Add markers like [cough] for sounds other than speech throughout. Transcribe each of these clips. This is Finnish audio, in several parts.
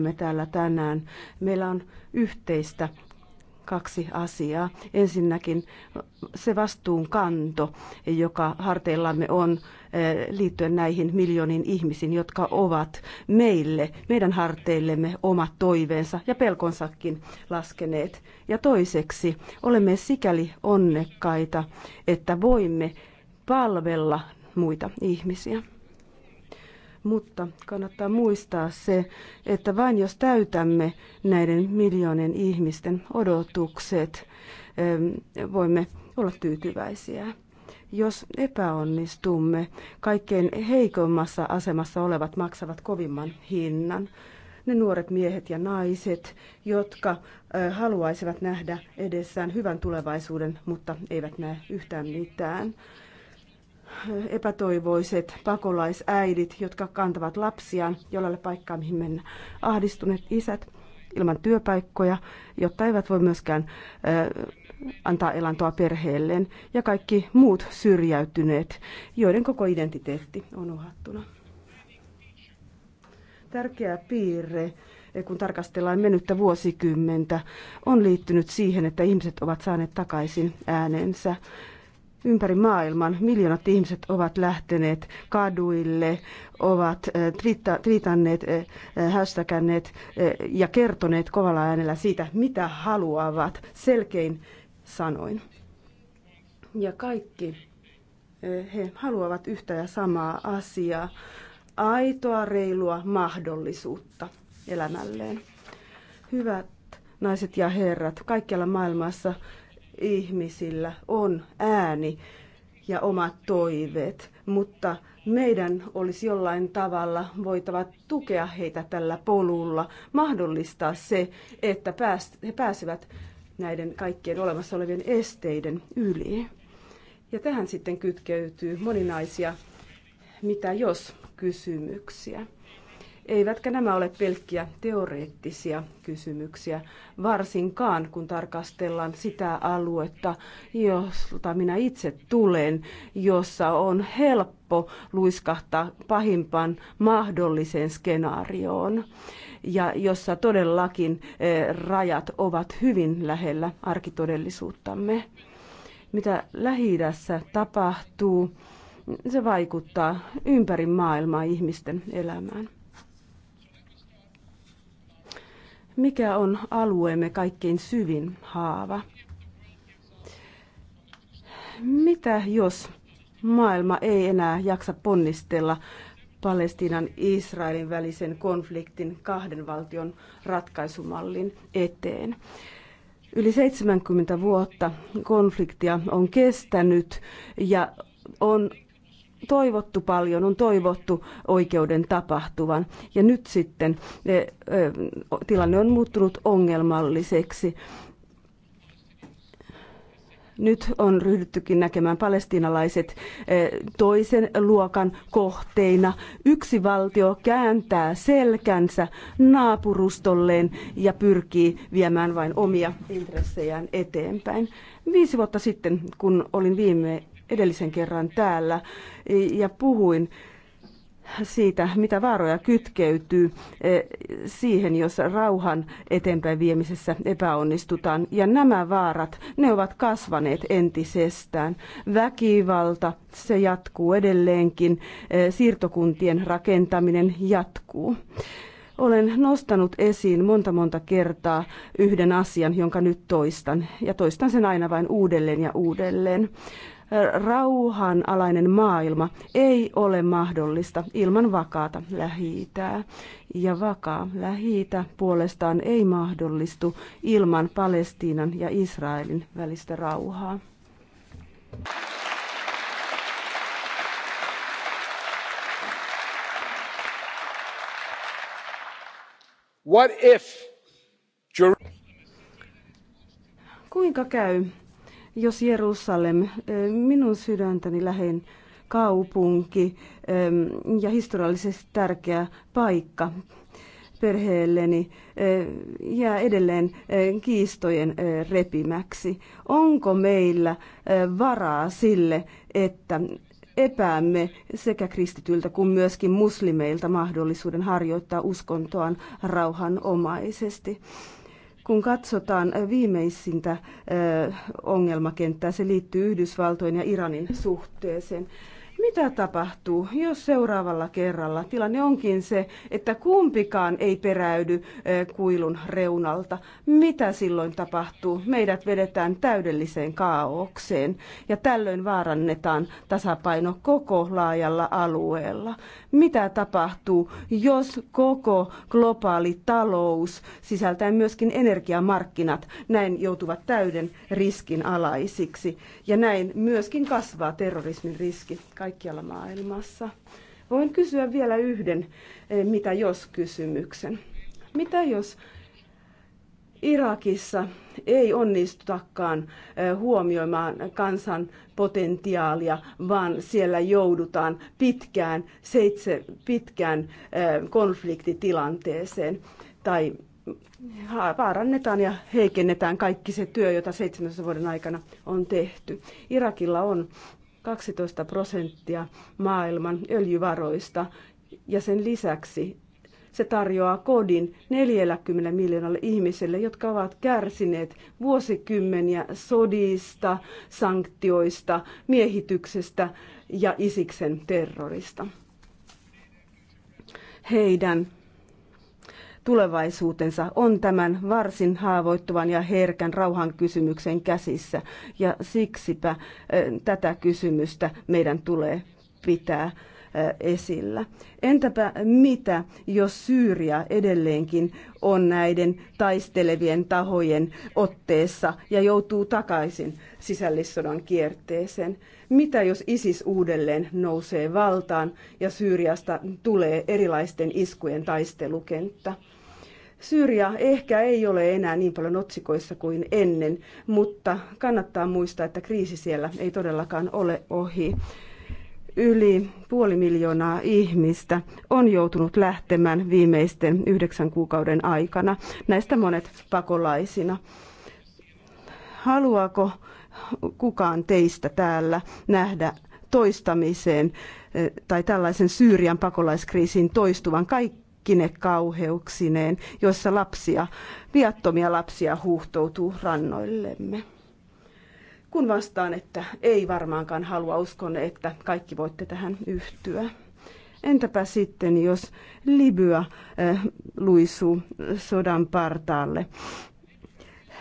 Me täällä tänään. Meillä on yhteistä kaksi asiaa. Ensinnäkin se vastuunkanto, joka harteillamme on eh, liittyen näihin miljoonin ihmisiin, jotka ovat meille, meidän harteillemme omat toiveensa ja pelkonsakin laskeneet. Ja toiseksi olemme sikäli onnekkaita, että voimme palvella muita ihmisiä mutta kannattaa muistaa se, että vain jos täytämme näiden miljoonien ihmisten odotukset, voimme olla tyytyväisiä. Jos epäonnistumme, kaikkein heikommassa asemassa olevat maksavat kovimman hinnan. Ne nuoret miehet ja naiset, jotka haluaisivat nähdä edessään hyvän tulevaisuuden, mutta eivät näe yhtään mitään epätoivoiset pakolaisäidit, jotka kantavat lapsiaan, jollalle paikkaa mihin mennä. Ahdistuneet isät ilman työpaikkoja, jotta eivät voi myöskään antaa elantoa perheelleen. Ja kaikki muut syrjäytyneet, joiden koko identiteetti on uhattuna. Tärkeä piirre kun tarkastellaan mennyttä vuosikymmentä, on liittynyt siihen, että ihmiset ovat saaneet takaisin äänensä ympäri maailman. Miljoonat ihmiset ovat lähteneet kaduille, ovat eh, twiitanneet, hashtagänneet eh, eh, ja kertoneet kovalla äänellä siitä, mitä haluavat selkein sanoin. Ja kaikki he haluavat yhtä ja samaa asiaa, aitoa, reilua mahdollisuutta elämälleen. Hyvät naiset ja herrat, kaikkialla maailmassa ihmisillä on ääni ja omat toiveet, mutta meidän olisi jollain tavalla voitava tukea heitä tällä polulla, mahdollistaa se, että he pääsevät näiden kaikkien olemassa olevien esteiden yli. Ja tähän sitten kytkeytyy moninaisia mitä jos kysymyksiä. Eivätkä nämä ole pelkkiä teoreettisia kysymyksiä, varsinkaan kun tarkastellaan sitä aluetta, josta minä itse tulen, jossa on helppo luiskahtaa pahimpaan mahdolliseen skenaarioon ja jossa todellakin eh, rajat ovat hyvin lähellä arkitodellisuuttamme. Mitä lähi tapahtuu, se vaikuttaa ympäri maailmaa ihmisten elämään. mikä on alueemme kaikkein syvin haava. Mitä jos maailma ei enää jaksa ponnistella Palestiinan Israelin välisen konfliktin kahden valtion ratkaisumallin eteen? Yli 70 vuotta konfliktia on kestänyt ja on toivottu paljon, on toivottu oikeuden tapahtuvan. Ja nyt sitten eh, eh, tilanne on muuttunut ongelmalliseksi. Nyt on ryhdyttykin näkemään palestiinalaiset eh, toisen luokan kohteina. Yksi valtio kääntää selkänsä naapurustolleen ja pyrkii viemään vain omia intressejään eteenpäin. Viisi vuotta sitten, kun olin viime edellisen kerran täällä ja puhuin siitä, mitä vaaroja kytkeytyy eh, siihen, jos rauhan eteenpäin viemisessä epäonnistutaan. Ja nämä vaarat, ne ovat kasvaneet entisestään. Väkivalta, se jatkuu edelleenkin. Eh, siirtokuntien rakentaminen jatkuu. Olen nostanut esiin monta monta kertaa yhden asian, jonka nyt toistan. Ja toistan sen aina vain uudelleen ja uudelleen rauhanalainen maailma ei ole mahdollista ilman vakaata lähiitää. Ja vakaa lähiitä puolestaan ei mahdollistu ilman Palestiinan ja Israelin välistä rauhaa. What if Kuinka käy, jos Jerusalem, eh, minun sydäntäni lähen kaupunki eh, ja historiallisesti tärkeä paikka perheelleni eh, jää edelleen kiistojen repimäksi. Onko meillä varaa sille, että epäämme sekä kristityiltä kuin myöskin muslimeilta mahdollisuuden harjoittaa uskontoaan rauhanomaisesti? Kun katsotaan äh, viimeisintä äh, ongelmakenttää, se liittyy Yhdysvaltojen ja Iranin suhteeseen. Mitä tapahtuu, jos seuraavalla kerralla tilanne onkin se, että kumpikaan ei peräydy eh, kuilun reunalta? Mitä silloin tapahtuu? Meidät vedetään täydelliseen kaaukseen ja tällöin vaarannetaan tasapaino koko laajalla alueella. Mitä tapahtuu, jos koko globaali talous sisältäen myöskin energiamarkkinat näin joutuvat täyden riskin alaisiksi ja näin myöskin kasvaa terrorismin riski? kaikkialla maailmassa. Voin kysyä vielä yhden eh, mitä jos kysymyksen. Mitä jos Irakissa ei onnistutakaan eh, huomioimaan kansan potentiaalia, vaan siellä joudutaan pitkään, seitse, pitkään eh, konfliktitilanteeseen tai vaarannetaan ja heikennetään kaikki se työ, jota 17 vuoden aikana on tehty. Irakilla on 12 prosenttia maailman öljyvaroista ja sen lisäksi se tarjoaa kodin 40 miljoonalle ihmiselle, jotka ovat kärsineet vuosikymmeniä sodista, sanktioista, miehityksestä ja Isiksen terrorista. Heidän tulevaisuutensa on tämän varsin haavoittuvan ja herkän rauhan kysymyksen käsissä. Ja siksipä eh, tätä kysymystä meidän tulee pitää eh, esillä. Entäpä mitä, jos Syyria edelleenkin on näiden taistelevien tahojen otteessa ja joutuu takaisin sisällissodan kierteeseen? Mitä jos ISIS uudelleen nousee valtaan ja Syyriasta tulee erilaisten iskujen taistelukenttä? Syyria ehkä ei ole enää niin paljon otsikoissa kuin ennen, mutta kannattaa muistaa, että kriisi siellä ei todellakaan ole ohi yli puoli miljoonaa ihmistä on joutunut lähtemään viimeisten yhdeksän kuukauden aikana, näistä monet pakolaisina. Haluaako kukaan teistä täällä nähdä toistamiseen eh, tai tällaisen Syyrian pakolaiskriisin toistuvan kaikki? kaikkine kauheuksineen, joissa lapsia, viattomia lapsia huuhtoutuu rannoillemme. Kun vastaan, että ei varmaankaan halua, uskon, että kaikki voitte tähän yhtyä. Entäpä sitten, jos Libya äh, luisuu sodan partaalle?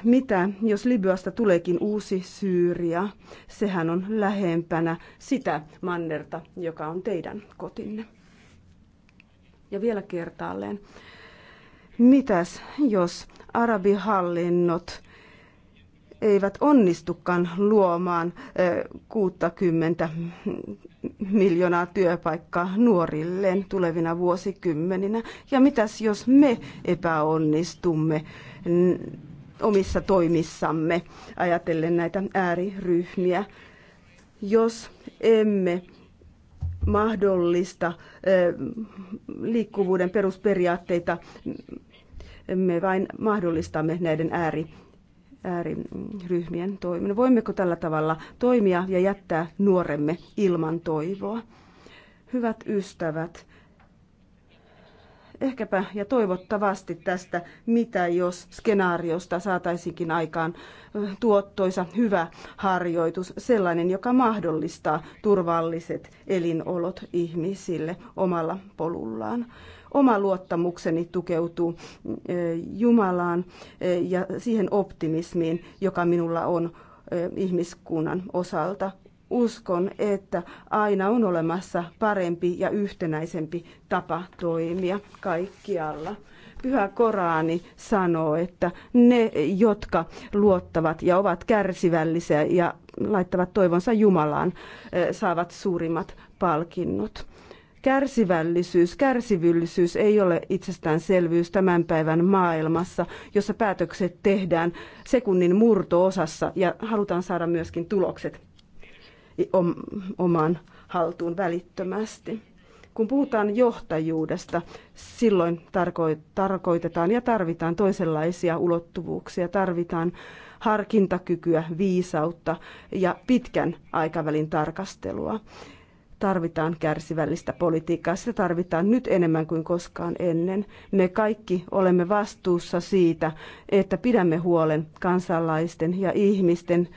Mitä, jos Libyasta tuleekin uusi Syyria? Sehän on lähempänä sitä mannerta, joka on teidän kotinne. Ja vielä kertaalleen. Mitäs jos arabihallinnot eivät onnistukaan luomaan 60 miljoonaa työpaikkaa nuorilleen tulevina vuosikymmeninä? Ja mitäs jos me epäonnistumme omissa toimissamme ajatellen näitä ääriryhmiä? Jos emme mahdollista liikkuvuuden perusperiaatteita. Me vain mahdollistamme näiden ääri ääriryhmien toiminnan. Voimmeko tällä tavalla toimia ja jättää nuoremme ilman toivoa? Hyvät ystävät, Ehkäpä ja toivottavasti tästä, mitä jos skenaariosta saataisinkin aikaan tuottoisa hyvä harjoitus, sellainen, joka mahdollistaa turvalliset elinolot ihmisille omalla polullaan oma luottamukseni tukeutuu Jumalaan ja siihen optimismiin, joka minulla on ihmiskunnan osalta uskon, että aina on olemassa parempi ja yhtenäisempi tapa toimia kaikkialla. Pyhä Koraani sanoo, että ne, jotka luottavat ja ovat kärsivällisiä ja laittavat toivonsa Jumalaan, eh, saavat suurimmat palkinnot kärsivällisyys, kärsivyllisyys ei ole itsestäänselvyys tämän päivän maailmassa, jossa päätökset tehdään sekunnin murto-osassa ja halutaan saada myöskin tulokset omaan haltuun välittömästi. Kun puhutaan johtajuudesta, silloin tarko- tarkoitetaan ja tarvitaan toisenlaisia ulottuvuuksia, tarvitaan harkintakykyä, viisautta ja pitkän aikavälin tarkastelua tarvitaan kärsivällistä politiikkaa. Sitä tarvitaan nyt enemmän kuin koskaan ennen. Me kaikki olemme vastuussa siitä, että pidämme huolen kansalaisten ja ihmisten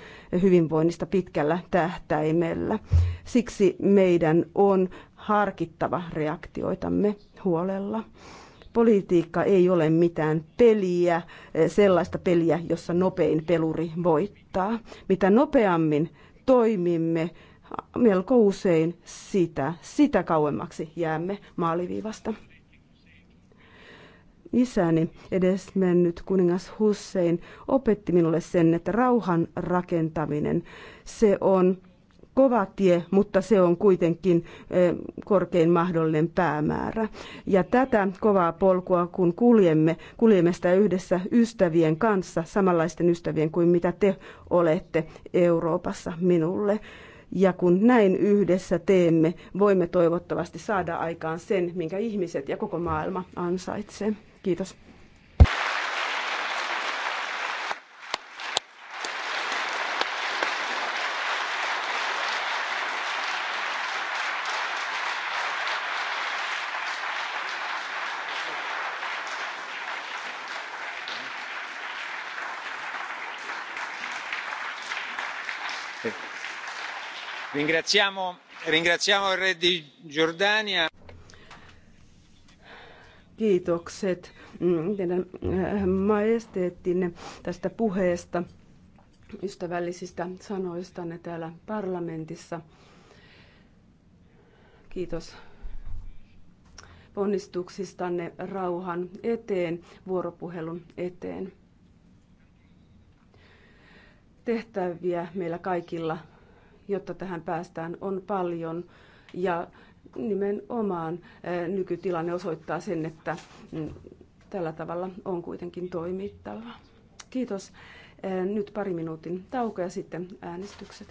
hyvinvoinnista pitkällä tähtäimellä. Siksi meidän on harkittava reaktioitamme huolella. Politiikka ei ole mitään peliä, sellaista peliä, jossa nopein peluri voittaa. Mitä nopeammin toimimme, melko usein sitä, sitä kauemmaksi jäämme maaliviivasta. Isäni, edes mennyt kuningas Hussein, opetti minulle sen, että rauhan rakentaminen, se on kova tie, mutta se on kuitenkin eh, korkein mahdollinen päämäärä. Ja tätä kovaa polkua, kun kuljemme, kuljemme sitä yhdessä ystävien kanssa, samanlaisten ystävien kuin mitä te olette Euroopassa minulle. Ja kun näin yhdessä teemme, voimme toivottavasti saada aikaan sen, minkä ihmiset ja koko maailma ansaitsee. Kiitos. Kiitos. Ringraziamo, ringraziamo il re di Giordania. Kiitokset mm, teidän eh, majesteettinne tästä puheesta, ystävällisistä sanoistanne täällä parlamentissa. Kiitos ponnistuksistanne rauhan eteen, vuoropuhelun eteen. Tehtäviä meillä kaikilla jotta tähän päästään, on paljon. Ja nimenomaan nykytilanne osoittaa sen, että mm, tällä tavalla on kuitenkin toimittava. Kiitos. Nyt pari minuutin tauko ja sitten äänestykset.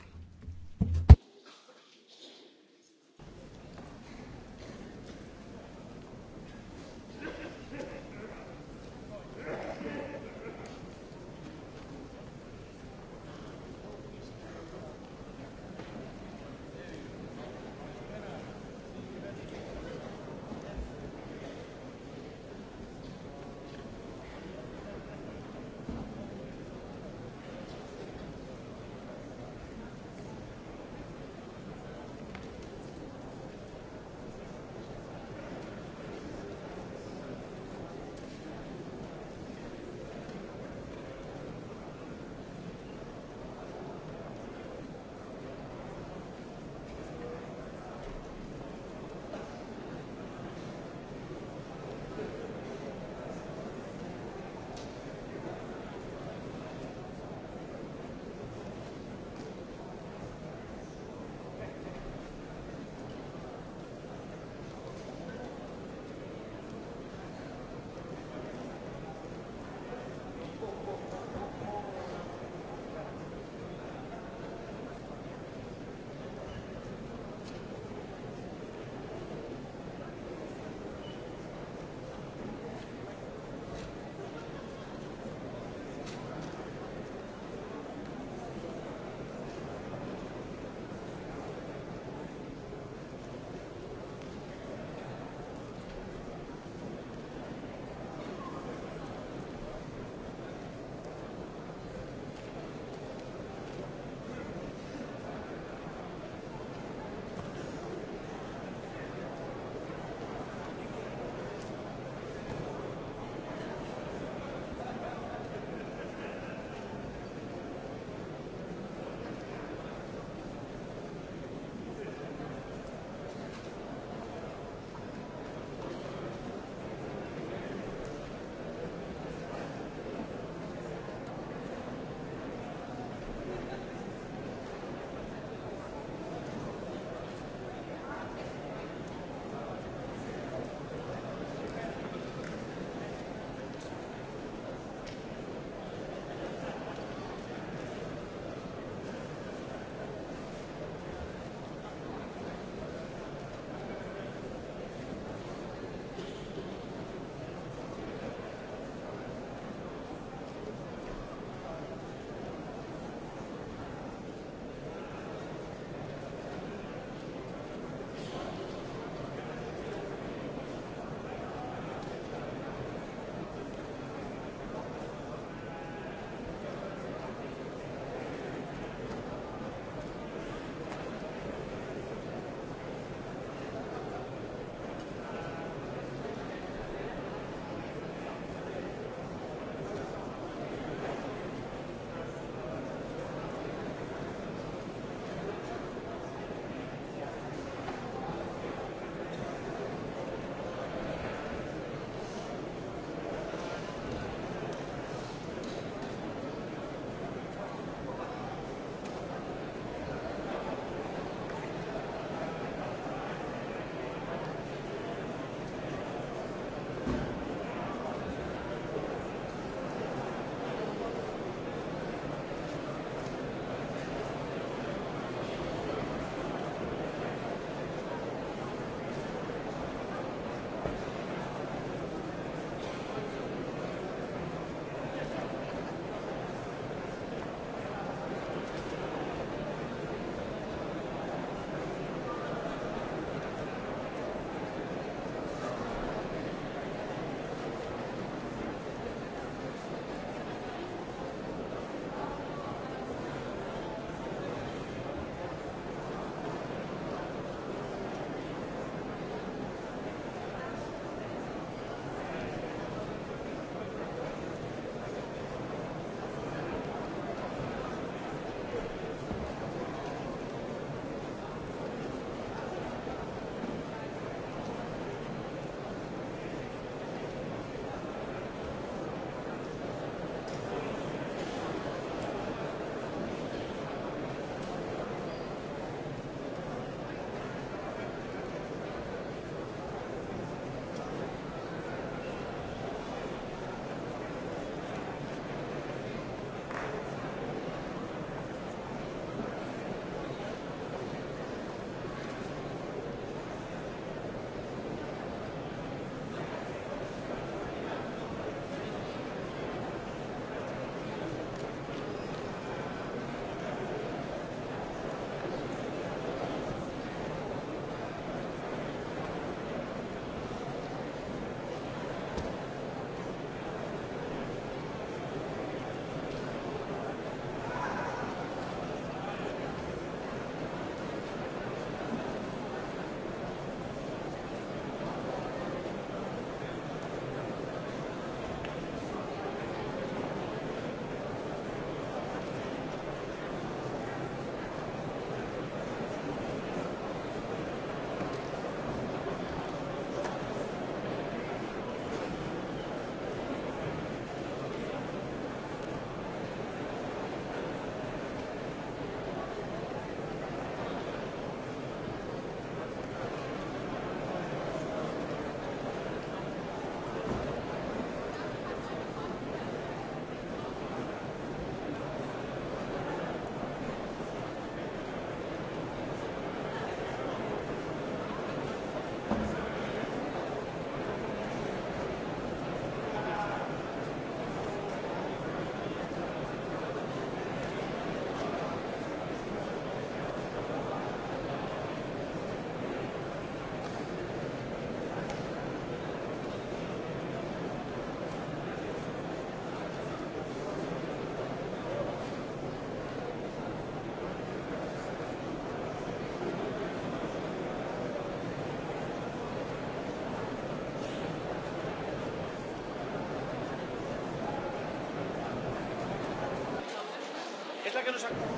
que nos acompaña.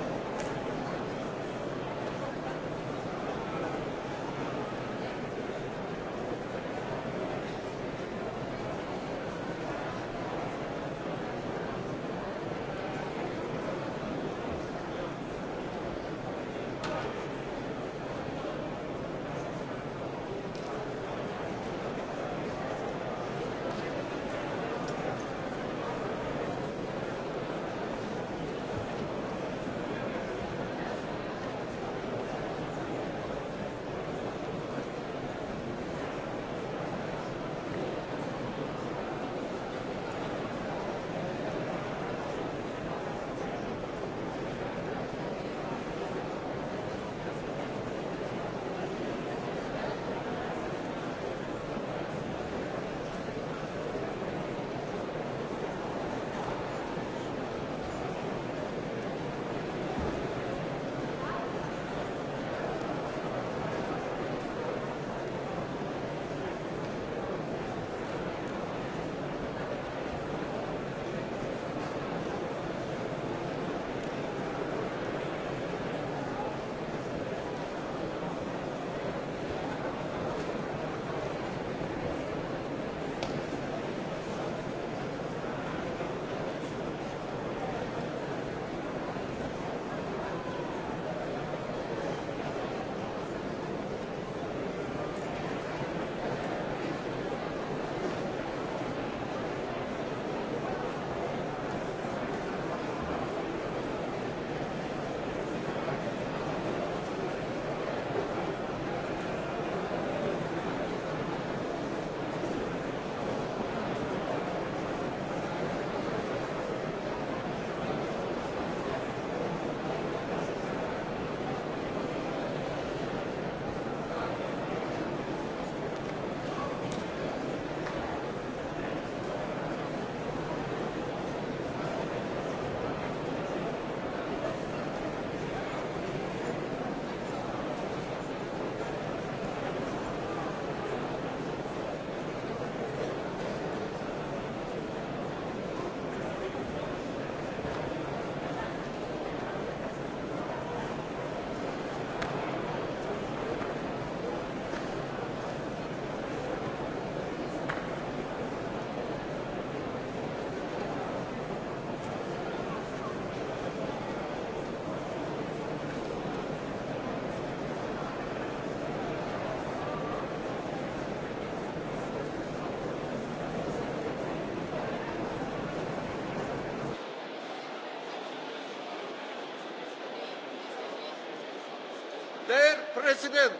president.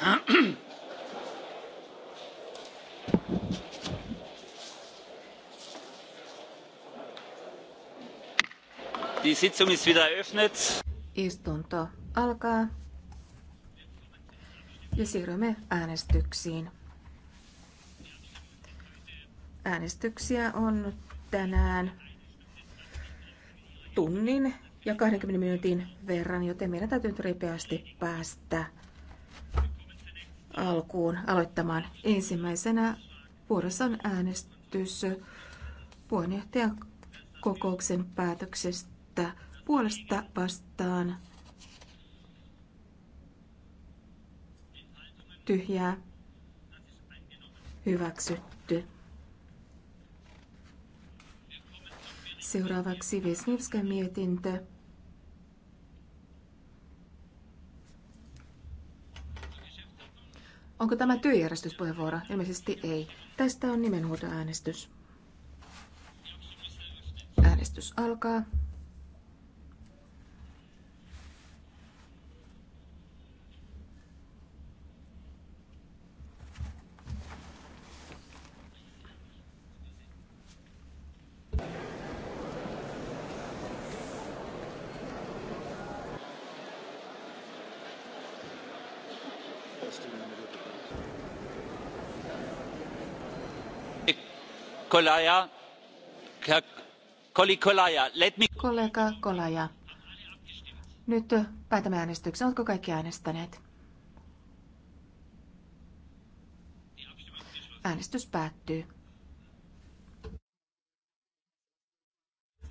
[clears throat] Die Sitzung ist wieder eröffnet. Istunto alkaa. Ja siirrymme äänestyksiin. Äänestyksiä on tänään tunnin ja 20 minuutin verran, joten meidän täytyy ripeästi päästä alkuun aloittamaan. Ensimmäisenä vuorossa on äänestys puheenjohtajan kokouksen päätöksestä puolesta vastaan tyhjää hyväksytty. Seuraavaksi Vesnivskan mietintö. Onko tämä työjärjestyspuheenvuoro? Ilmeisesti ei. Tästä on nimenhuutoäänestys. Äänestys alkaa. Kolaja, let me... Kollega Kolaja, nyt päätämme äänestyksen. Oletko kaikki äänestäneet? Äänestys päättyy.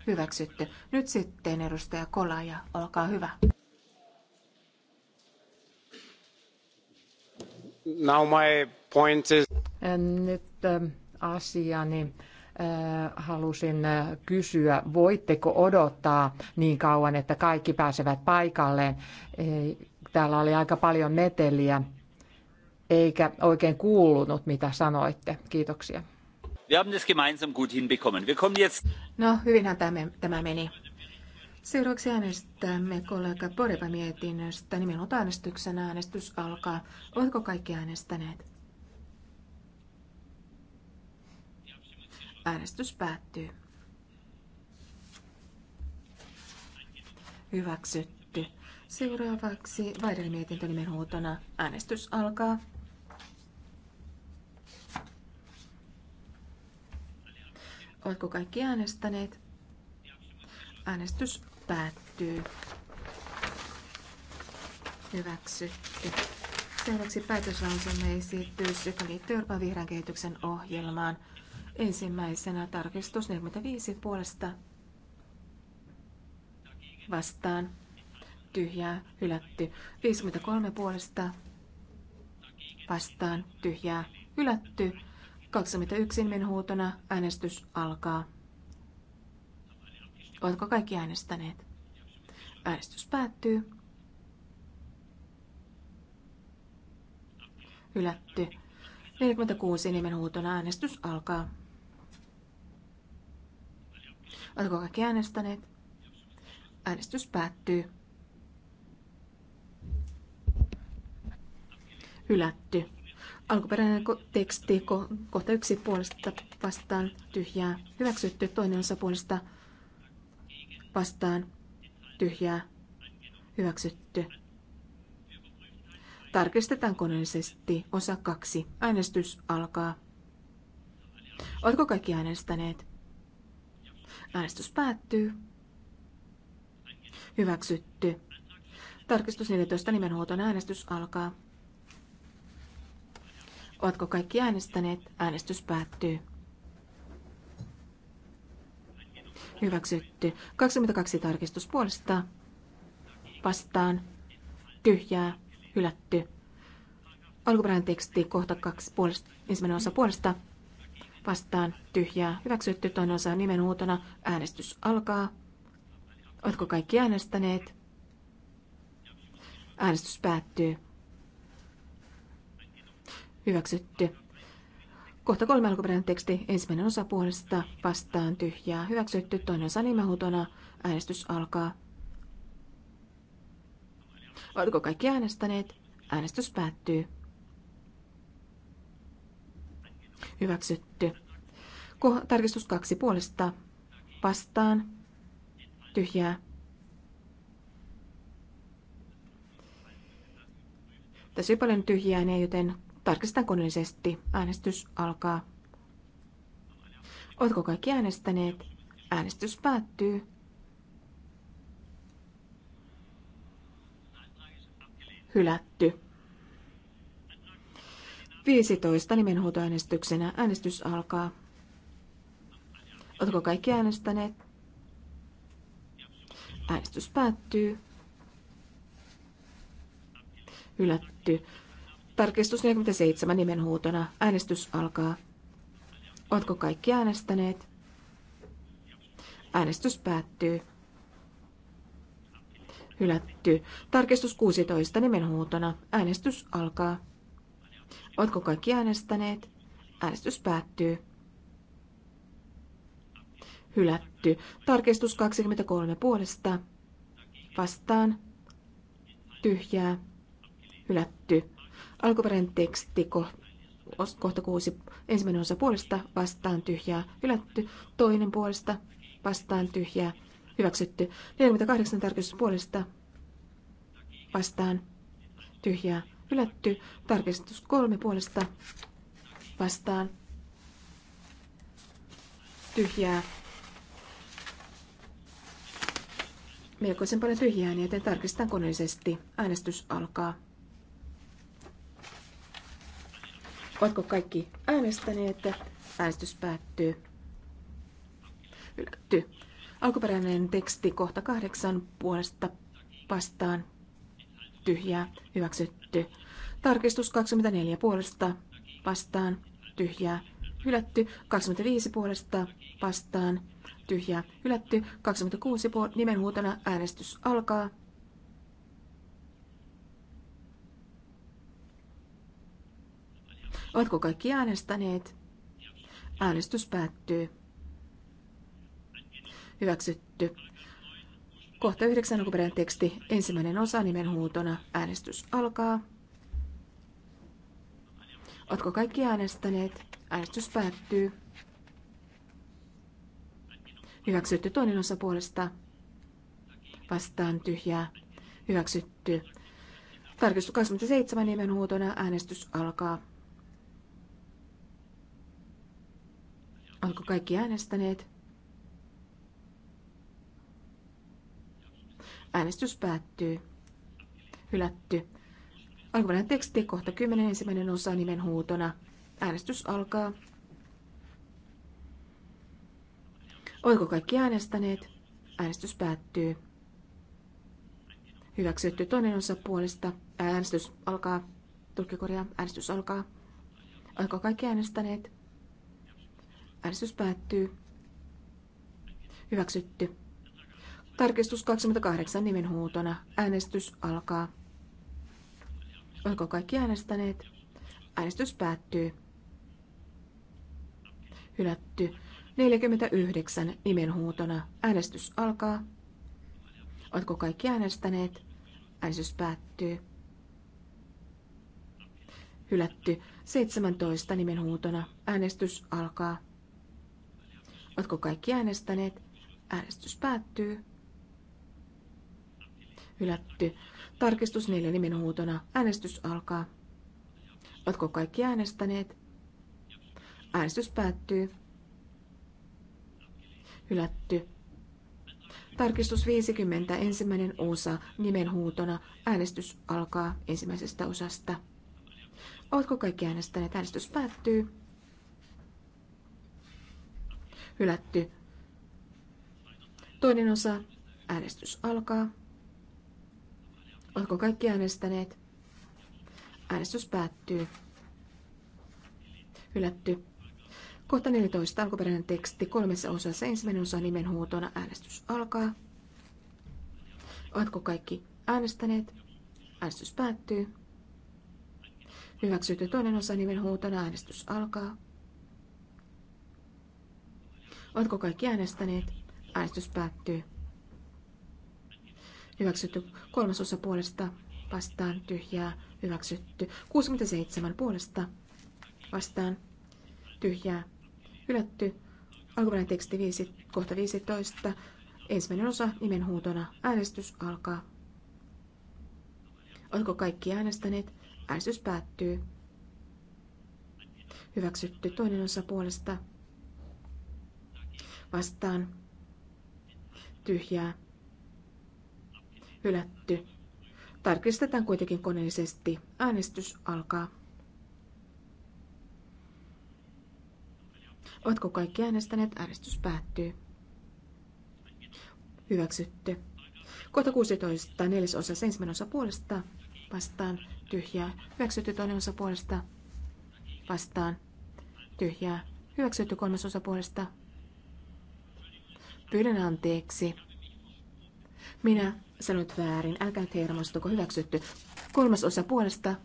Hyväksytty. Nyt sitten edustaja Kolaja, olkaa hyvä. Now my point is... Nyt ähm, asiani äh, halusin äh, kysyä, voitteko odottaa niin kauan, että kaikki pääsevät paikalleen? Äh, täällä oli aika paljon meteliä, eikä oikein kuulunut, mitä sanoitte. Kiitoksia. No, hyvinhän tämä meni. Seuraavaksi äänestämme kollega Poreva mietinnöstä. Nimenomaan äänestyksen äänestys alkaa. Oletko kaikki äänestäneet? Äänestys päättyy. Hyväksytty. Seuraavaksi Vaidan mietintö nimenhuutona. Äänestys alkaa. Oletko kaikki äänestäneet? Äänestys päättyy. Hyväksytty. Seuraavaksi päätöslausumme esitys, joka liittyy Euroopan vihreän kehityksen ohjelmaan. Ensimmäisenä tarkistus 45 puolesta vastaan tyhjää hylätty. 53 puolesta vastaan tyhjää hylätty. 21 huutona äänestys alkaa. Oletko kaikki äänestäneet? Äänestys päättyy. Hylätty. 46 nimenhuutona äänestys alkaa. Oletko kaikki äänestäneet? Äänestys päättyy. Hylätty. Alkuperäinen teksti ko- kohta yksi puolesta vastaan tyhjää. Hyväksytty toinen osa puolesta vastaan tyhjää. Hyväksytty. Tarkistetaan koneellisesti osa kaksi. Äänestys alkaa. Oletko kaikki äänestäneet? Äänestys päättyy. Hyväksytty. Tarkistus 14 nimenhuolton äänestys alkaa. Ovatko kaikki äänestäneet? Äänestys päättyy. Hyväksytty. 22 tarkistus puolesta. Vastaan. Tyhjää. Hylätty. Alkuperäinen teksti kohta kaksi puolesta, ensimmäinen osa puolesta vastaan tyhjää hyväksytty. Toinen osa nimenhuutona. Äänestys alkaa. Oletko kaikki äänestäneet? Äänestys päättyy. Hyväksytty. Kohta kolme alkuperäinen teksti. Ensimmäinen osa puolesta vastaan tyhjää. Hyväksytty. Toinen osa nimenhuutona. Äänestys alkaa. Oletko kaikki äänestäneet? Äänestys päättyy. Hyväksytty. Tarkistus kaksi puolesta. Vastaan. Tyhjää. Tässä on paljon tyhjää, niin joten tarkistetaan koneellisesti. Äänestys alkaa. Oletko kaikki äänestäneet? Äänestys päättyy. Hylätty. 15 nimenhuutoäänestyksenä. Äänestys alkaa. Oletko kaikki äänestäneet? Äänestys päättyy. Ylätty. Tarkistus 47 nimenhuutona. Äänestys alkaa. Oletko kaikki äänestäneet? Äänestys päättyy. Hylätty. Tarkistus 16 nimenhuutona. Äänestys alkaa. Oletko kaikki äänestäneet? Äänestys päättyy. Hylätty. Tarkistus 23 puolesta. Vastaan. Tyhjää. Hylätty. Alkuperäinen teksti kohta kuusi. Ensimmäinen osa puolesta vastaan tyhjää. Hylätty. Toinen puolesta vastaan tyhjää. Hyväksytty. 48 tarkistus puolesta vastaan tyhjää hylätty. Tarkistus kolme puolesta vastaan tyhjää. Melkoisen paljon tyhjää, niin joten tarkistetaan koneellisesti. Äänestys alkaa. Oletko kaikki äänestäneet? Äänestys päättyy. Hylätty. Alkuperäinen teksti kohta kahdeksan puolesta vastaan tyhjää, hyväksytty. Tarkistus 24 puolesta vastaan, tyhjää, hylätty. 25 puolesta vastaan, tyhjää, hylätty. 26 puolesta nimenhuutona äänestys alkaa. Oletko kaikki äänestäneet? Äänestys päättyy. Hyväksytty. Kohta yhdeksän alkuperäinen teksti, ensimmäinen osa nimen huutona. Äänestys alkaa. Oletko kaikki äänestäneet? Äänestys päättyy. Hyväksytty toinen osa puolesta. Vastaan tyhjää. Hyväksytty. Tarkistus 27 nimen huutona. Äänestys alkaa. Oletko kaikki äänestäneet? Äänestys päättyy. Hylätty. Alkuperäinen teksti kohta 10 ensimmäinen osa nimen huutona. Äänestys alkaa. Oiko kaikki äänestäneet? Äänestys päättyy. Hyväksytty toinen osa puolesta. Äänestys alkaa. Tulkikorjaa. Äänestys alkaa. Oiko kaikki äänestäneet? Äänestys päättyy. Hyväksytty. Tarkistus 28 nimen huutona. Äänestys alkaa. Oliko kaikki äänestäneet? Äänestys päättyy. Hylätty. 49 nimenhuutona. Äänestys alkaa. Oletko kaikki äänestäneet? Äänestys päättyy. Hylätty. 17 nimenhuutona. Äänestys alkaa. Oletko kaikki äänestäneet? Äänestys päättyy hylätty. Tarkistus neljä nimenhuutona. Äänestys alkaa. Oletko kaikki äänestäneet? Äänestys päättyy. Hylätty. Tarkistus 50, ensimmäinen osa, nimenhuutona. Äänestys alkaa ensimmäisestä osasta. Oletko kaikki äänestäneet? Äänestys päättyy. Hylätty. Toinen osa. Äänestys alkaa. Oletko kaikki äänestäneet? Äänestys päättyy. Hylätty. Kohta 14. Alkuperäinen teksti kolmessa osassa. Ensimmäinen osa nimen huutona. Äänestys alkaa. Oletko kaikki äänestäneet? Äänestys päättyy. Hyväksytty toinen osa nimen huutona. Äänestys alkaa. Oletko kaikki äänestäneet? Äänestys päättyy hyväksytty. Kolmasosa puolesta vastaan tyhjää hyväksytty. 67 puolesta vastaan tyhjää hylätty. Alkuperäinen teksti 5, kohta 15. Ensimmäinen osa nimenhuutona Äänestys alkaa. Oletko kaikki äänestäneet? Äänestys päättyy. Hyväksytty toinen osa puolesta. Vastaan. Tyhjää hylätty. Tarkistetaan kuitenkin koneellisesti. Äänestys alkaa. Oletko kaikki äänestäneet? Äänestys päättyy. Hyväksytty. Kohta 16. Neljäsosa. Ensimmäinen osa puolesta. Vastaan. Tyhjää. Hyväksytty toinen osa puolesta. Vastaan. Tyhjää. Hyväksytty kolmas osa puolesta. Pyydän anteeksi. Minä sanonut väärin. Älkää nyt hermostuko, hyväksytty. Kolmas osa puolesta.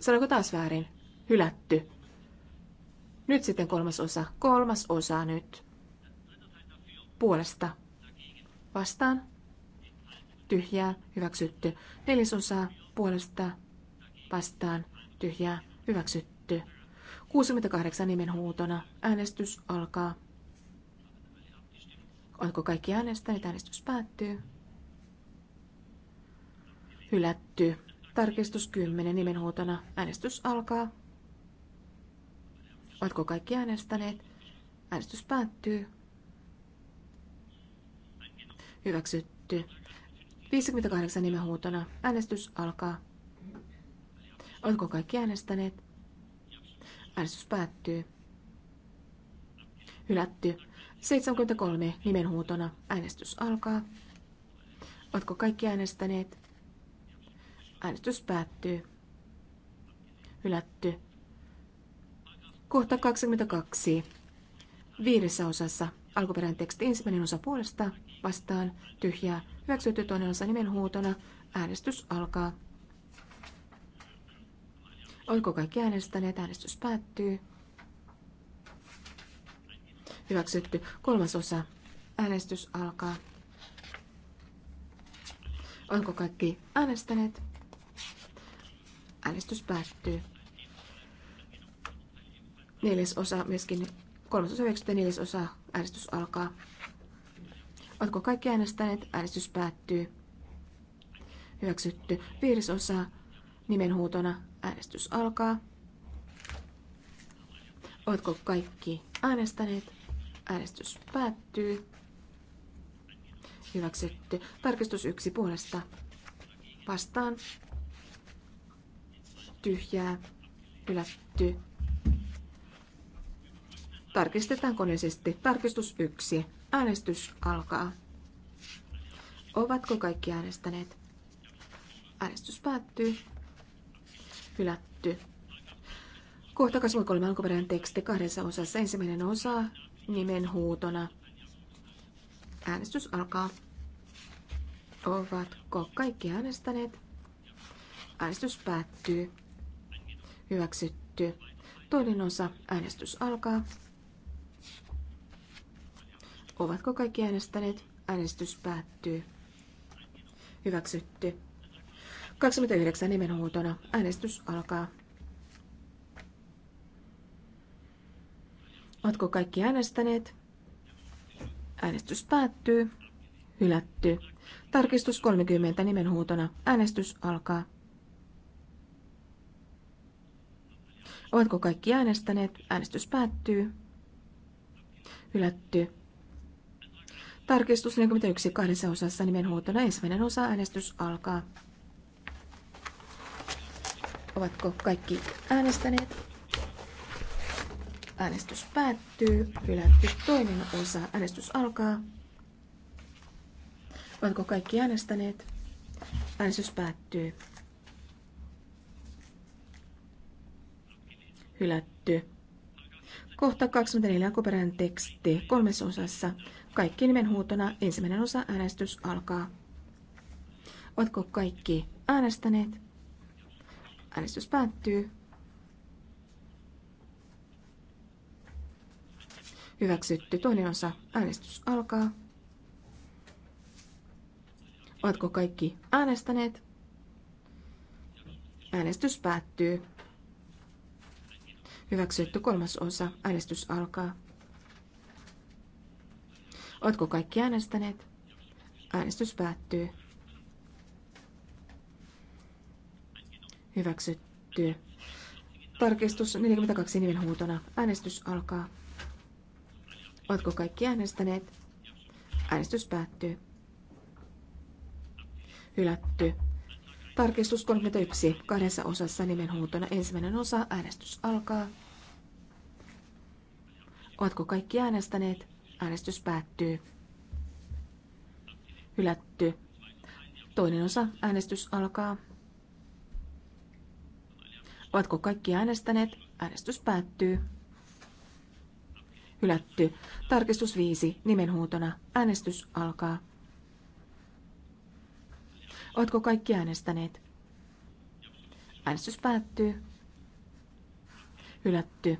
Sanoiko taas väärin? Hylätty. Nyt sitten kolmas osa. Kolmas osa nyt. Puolesta. Vastaan. Tyhjää. Hyväksytty. osa. Puolesta. Vastaan. Tyhjää. Hyväksytty. 68 nimen huutona. Äänestys alkaa. Onko kaikki äänestäneet? Äänestys päättyy. Hylätty. Tarkistus 10 nimenhuutona. Äänestys alkaa. Oletko kaikki äänestäneet? Äänestys päättyy. Hyväksytty. 58 nimenhuutona. Äänestys alkaa. Oletko kaikki äänestäneet? Äänestys päättyy. Hylätty. 73 nimenhuutona. Äänestys alkaa. Oletko kaikki äänestäneet? Äänestys päättyy. Hylätty. Kohta 22. Viidessä osassa alkuperäinen teksti ensimmäinen osa puolesta vastaan tyhjää hyväksytty toinen osa nimenhuutona. Äänestys alkaa. Oliko kaikki äänestäneet? Äänestys päättyy hyväksytty. Kolmas osa. Äänestys alkaa. Onko kaikki äänestäneet? Äänestys päättyy. Neljäs osa myöskin. Kolmas osa hyväksytty. Neljäs osa. Äänestys alkaa. Oletko kaikki äänestäneet? Äänestys päättyy. Hyväksytty. Viides osa. Nimenhuutona. Äänestys alkaa. Oletko kaikki äänestäneet? Äänestys päättyy. Hyväksytty. Tarkistus yksi puolesta. Vastaan. Tyhjää. Hylätty. Tarkistetaan koneisesti. Tarkistus yksi. Äänestys alkaa. Ovatko kaikki äänestäneet? Äänestys päättyy. Hylätty. Kohta kolme alkuperäinen teksti kahdessa osassa. Ensimmäinen osa nimenhuutona. Äänestys alkaa. Ovatko kaikki äänestäneet? Äänestys päättyy. Hyväksytty. Toinen osa. Äänestys alkaa. Ovatko kaikki äänestäneet? Äänestys päättyy. Hyväksytty. 29 nimenhuutona. Äänestys alkaa. Oletko kaikki äänestäneet? Äänestys päättyy. Hylätty. Tarkistus 30 nimenhuutona. Äänestys alkaa. Oletko kaikki äänestäneet? Äänestys päättyy. Hylätty. Tarkistus 41 kahdessa osassa nimenhuutona. Ensimmäinen osa äänestys alkaa. Ovatko kaikki äänestäneet? Äänestys päättyy. Hylätty toinen osa. Äänestys alkaa. Oletko kaikki äänestäneet? Äänestys päättyy. Hylätty. Kohta 24 alkuperäinen teksti kolmessa osassa. Kaikki nimen huutona ensimmäinen osa äänestys alkaa. Oletko kaikki äänestäneet? Äänestys päättyy. Hyväksytty. Toinen osa. Äänestys alkaa. Oletko kaikki äänestäneet? Äänestys päättyy. Hyväksytty kolmas osa. Äänestys alkaa. Oletko kaikki äänestäneet? Äänestys päättyy. Hyväksytty. Tarkistus 42 nimen huutona. Äänestys alkaa. Oletko kaikki äänestäneet? Äänestys päättyy. Hylätty. Tarkistus 31. Kahdessa osassa nimenhuutona ensimmäinen osa. Äänestys alkaa. Oletko kaikki äänestäneet? Äänestys päättyy. Hylätty. Toinen osa. Äänestys alkaa. Oletko kaikki äänestäneet? Äänestys päättyy hylätty. Tarkistus 5 nimenhuutona. Äänestys alkaa. Oletko kaikki äänestäneet? Äänestys päättyy. Hylätty.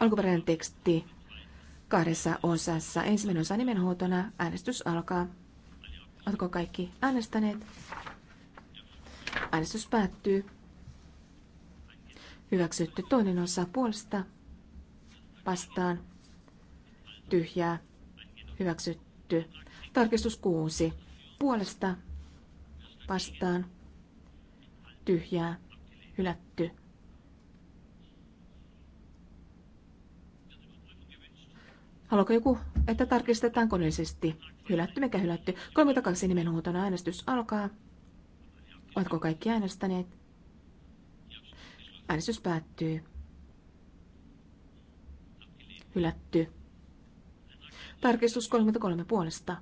Alkuperäinen teksti kahdessa osassa. Ensimmäinen osa nimenhuutona. Äänestys alkaa. Oletko kaikki äänestäneet? Äänestys päättyy. Hyväksytty toinen osa puolesta vastaan tyhjää hyväksytty. Tarkistus 6 puolesta vastaan tyhjää hylätty. Haluatko joku, että tarkistetaan koneellisesti? Hylätty mikä hylätty? 32 nimenhuutona äänestys alkaa. Oletko kaikki äänestäneet? Äänestys päättyy hylätty. Tarkistus 33 puolesta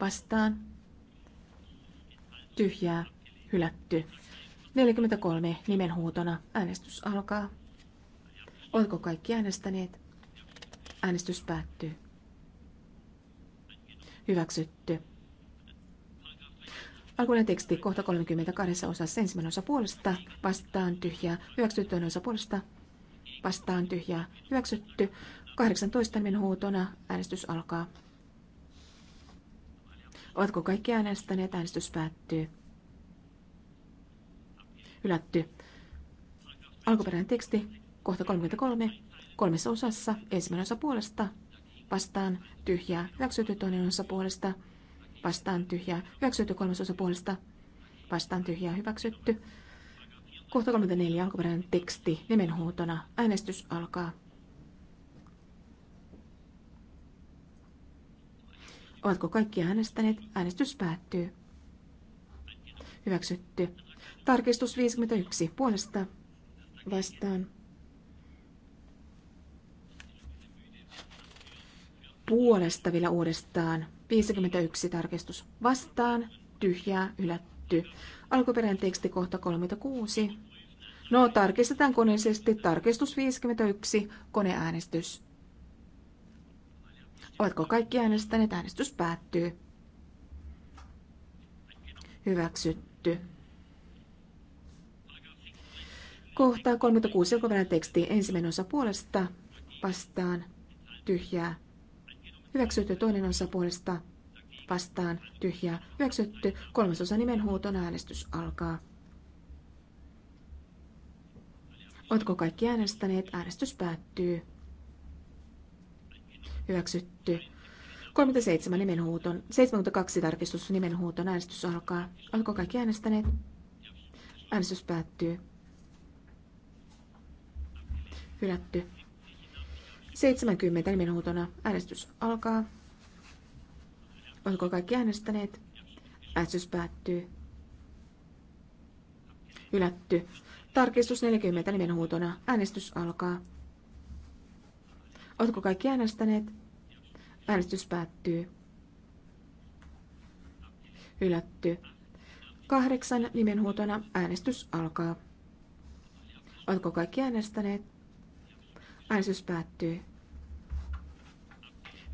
vastaan tyhjää hylätty. 43 nimenhuutona. Äänestys alkaa. Oletko kaikki äänestäneet? Äänestys päättyy. Hyväksytty. Alkuinen teksti kohta 32 osassa ensimmäinen osa puolesta vastaan tyhjää, hyväksytty toinen osa puolesta vastaan tyhjää, hyväksytty 18 min huutona äänestys alkaa. Ovatko kaikki äänestäneet? Äänestys päättyy. Ylätty. Alkuperäinen teksti, kohta 33, kolmessa osassa, ensimmäinen osa puolesta, vastaan tyhjää, hyväksytty toinen osa puolesta, vastaan tyhjää, hyväksytty kolmas osa puolesta, vastaan tyhjää, hyväksytty. Kohta 34, alkuperäinen teksti, nimenhuutona, äänestys alkaa. Ovatko kaikki äänestäneet? Äänestys päättyy. Hyväksytty. Tarkistus 51. Puolesta vastaan. Puolesta vielä uudestaan. 51 tarkistus vastaan. Tyhjää Ylätty. Alkuperäinen teksti kohta 36. No, tarkistetaan koneisesti. Tarkistus 51. Koneäänestys. Oletko kaikki äänestäneet? Äänestys päättyy. Hyväksytty. Kohta 36 alkuperäinen teksti. Ensimmäinen osa puolesta vastaan tyhjää. Hyväksytty toinen osa puolesta vastaan tyhjää. Hyväksytty kolmas osa nimen huuton äänestys alkaa. Oletko kaikki äänestäneet? Äänestys päättyy hyväksytty. 37 nimenhuuton, 72 tarkistus nimenhuuton, äänestys alkaa. Oliko kaikki äänestäneet? Äänestys päättyy. Hylätty. 70 nimenhuutona, äänestys alkaa. Oliko kaikki äänestäneet? Äänestys päättyy. Hylätty. Tarkistus 40 nimenhuutona, äänestys alkaa. Oletko kaikki äänestäneet? Äänestys päättyy. Ylätty. Kahdeksan nimenhuutona äänestys alkaa. Oletko kaikki äänestäneet? Äänestys päättyy.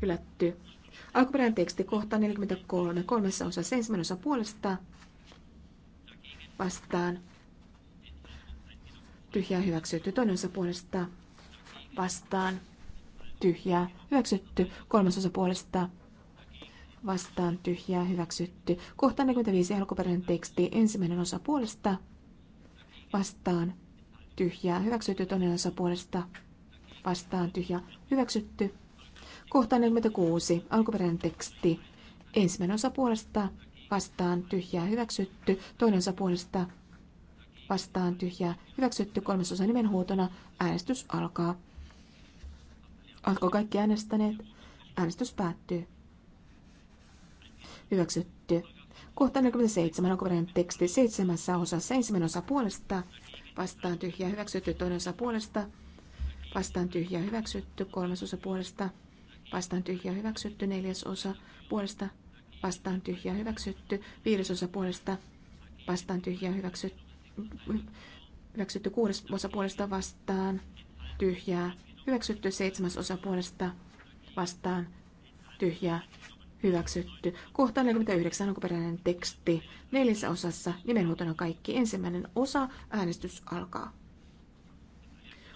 Ylätty. Alkuperäinen teksti kohta 43. Kolmessa osassa ensimmäinen osa puolesta vastaan. Tyhjää hyväksytty. Toinen osa puolesta vastaan tyhjää, hyväksytty. Kolmasosa puolesta vastaan tyhjää, hyväksytty. Kohta 45 alkuperäinen teksti, ensimmäinen osa puolesta vastaan tyhjää, hyväksytty. Toinen osa puolesta vastaan tyhjää, hyväksytty. Kohta 46 alkuperäinen teksti, ensimmäinen osa puolesta vastaan tyhjää, hyväksytty. Toinen osa puolesta vastaan tyhjää, hyväksytty. Kolmasosa nimen huutona, äänestys alkaa. Oletko kaikki äänestäneet? Äänestys päättyy. Hyväksytty. Kohta 47 alkuperäinen teksti seitsemässä osassa. Ensimmäinen osa puolesta, vastaan tyhjä, hyväksytty. Toinen osa puolesta, vastaan tyhjä, hyväksytty. Kolmas osa puolesta, vastaan tyhjä, hyväksytty. Neljäs osa puolesta, vastaan tyhjä, hyväksytty. Viides osa puolesta, vastaan tyhjä, hyväksytty. Hyväksytty kuudes osa puolesta vastaan, tyhjää, Hyväksytty seitsemäs osa puolesta vastaan tyhjä Hyväksytty. Kohta 49 alkuperäinen teksti. Neljässä osassa nimenhuutona kaikki. Ensimmäinen osa. Äänestys alkaa.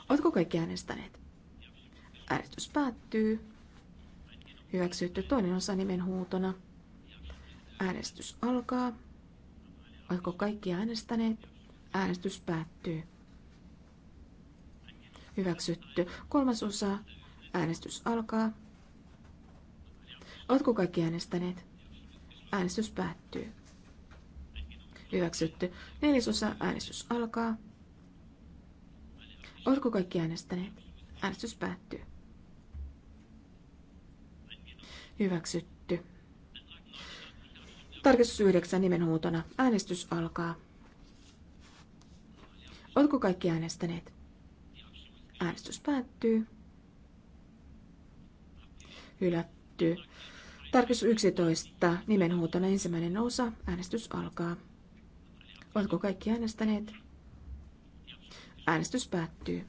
Oletko kaikki äänestäneet? Äänestys päättyy. Hyväksytty toinen osa nimenhuutona. Äänestys alkaa. Oletko kaikki äänestäneet? Äänestys päättyy hyväksytty. Kolmas osa, äänestys alkaa. Oletko kaikki äänestäneet? Äänestys päättyy. Hyväksytty. Neljäsosa, äänestys alkaa. Oletko kaikki äänestäneet? Äänestys päättyy. Hyväksytty. Tarkistus 9 nimenhuutona. Äänestys alkaa. Oletko kaikki äänestäneet? Äänestys päättyy. Hylätty. Tarkistus 11. Nimenhuutona ensimmäinen osa. Äänestys alkaa. Oletko kaikki äänestäneet? Äänestys päättyy.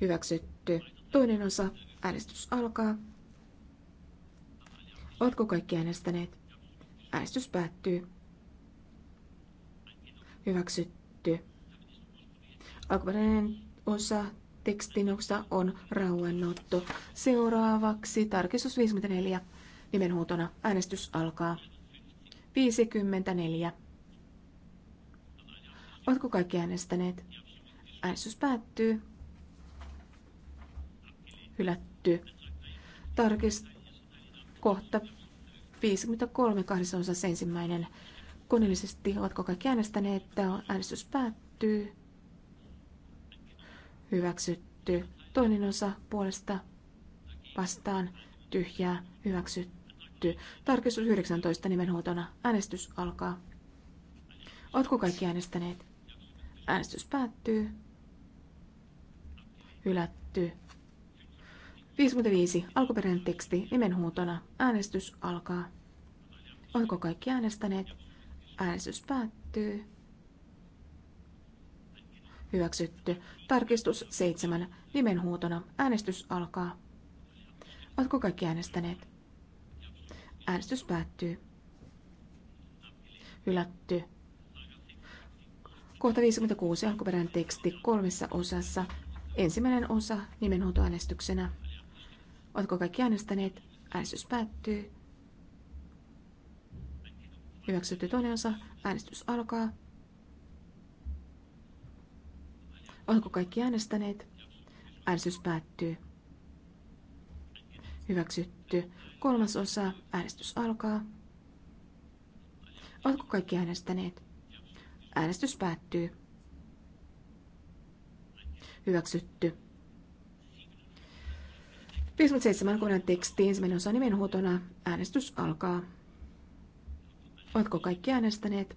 Hyväksytty. Toinen osa. Äänestys alkaa. Oletko kaikki äänestäneet? Äänestys päättyy. Hyväksytty. Alkuperäinen osa tekstin osa on rauennotto. Seuraavaksi tarkistus 54 nimenhuutona. Äänestys alkaa. 54. Oletko kaikki äänestäneet? Äänestys päättyy. Hylätty. Tarkist kohta 53 kahdessa osassa ensimmäinen. Koneellisesti ovatko kaikki äänestäneet? Äänestys päättyy hyväksytty. Toinen osa puolesta vastaan tyhjää hyväksytty. Tarkistus 19 nimenhuutona. Äänestys alkaa. Oletko kaikki äänestäneet? Äänestys päättyy. Hylätty. 55. Alkuperäinen teksti nimenhuutona. Äänestys alkaa. Oletko kaikki äänestäneet? Äänestys päättyy. Hyväksytty. Tarkistus 7. Nimenhuutona. Äänestys alkaa. Oletko kaikki äänestäneet? Äänestys päättyy. Hylätty. Kohta 56. Alkuperäinen teksti kolmessa osassa. Ensimmäinen osa nimenhuutoäänestyksenä. Oletko kaikki äänestäneet? Äänestys päättyy. Hyväksytty toinen osa. Äänestys alkaa. Onko kaikki äänestäneet? Äänestys päättyy. Hyväksytty. Kolmas osa. Äänestys alkaa. Oletko kaikki äänestäneet? Äänestys päättyy. Hyväksytty. 57 kohdan teksti ensimmäinen osa nimenhuutona. Äänestys alkaa. Oletko kaikki äänestäneet?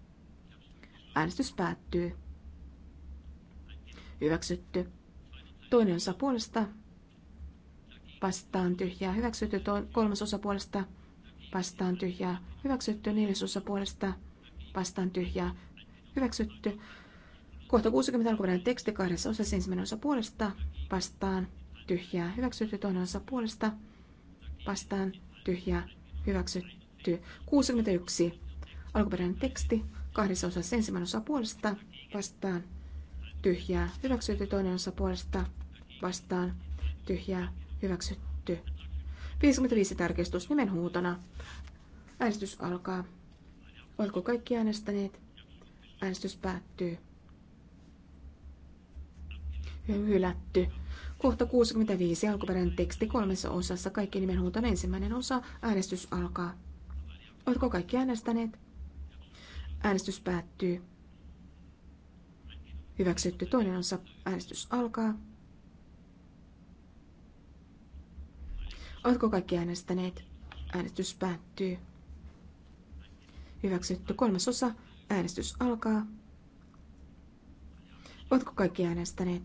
Äänestys päättyy hyväksytty. Toinen osa puolesta vastaan tyhjää hyväksytty. Kolmas osa puolesta vastaan tyhjää hyväksytty. Neljäs osa puolesta vastaan tyhjää hyväksytty. Kohta 60 alkuperäinen teksti kahdessa osassa ensimmäinen osa puolesta vastaan tyhjää hyväksytty. Toinen osa puolesta vastaan tyhjää hyväksytty. 61 alkuperäinen teksti kahdessa osassa ensimmäinen osa puolesta vastaan tyhjää, hyväksytty toinen osa puolesta vastaan, tyhjää, hyväksytty. 55 tarkistus nimen huutona. Äänestys alkaa. Oletko kaikki äänestäneet? Äänestys päättyy. Hylätty. Kohta 65 alkuperäinen teksti kolmessa osassa. Kaikki nimenhuuton ensimmäinen osa. Äänestys alkaa. Oletko kaikki äänestäneet? Äänestys päättyy. Hyväksytty toinen osa. Äänestys alkaa. Oletko kaikki äänestäneet? Äänestys päättyy. Hyväksytty kolmas osa. Äänestys alkaa. Oletko kaikki äänestäneet?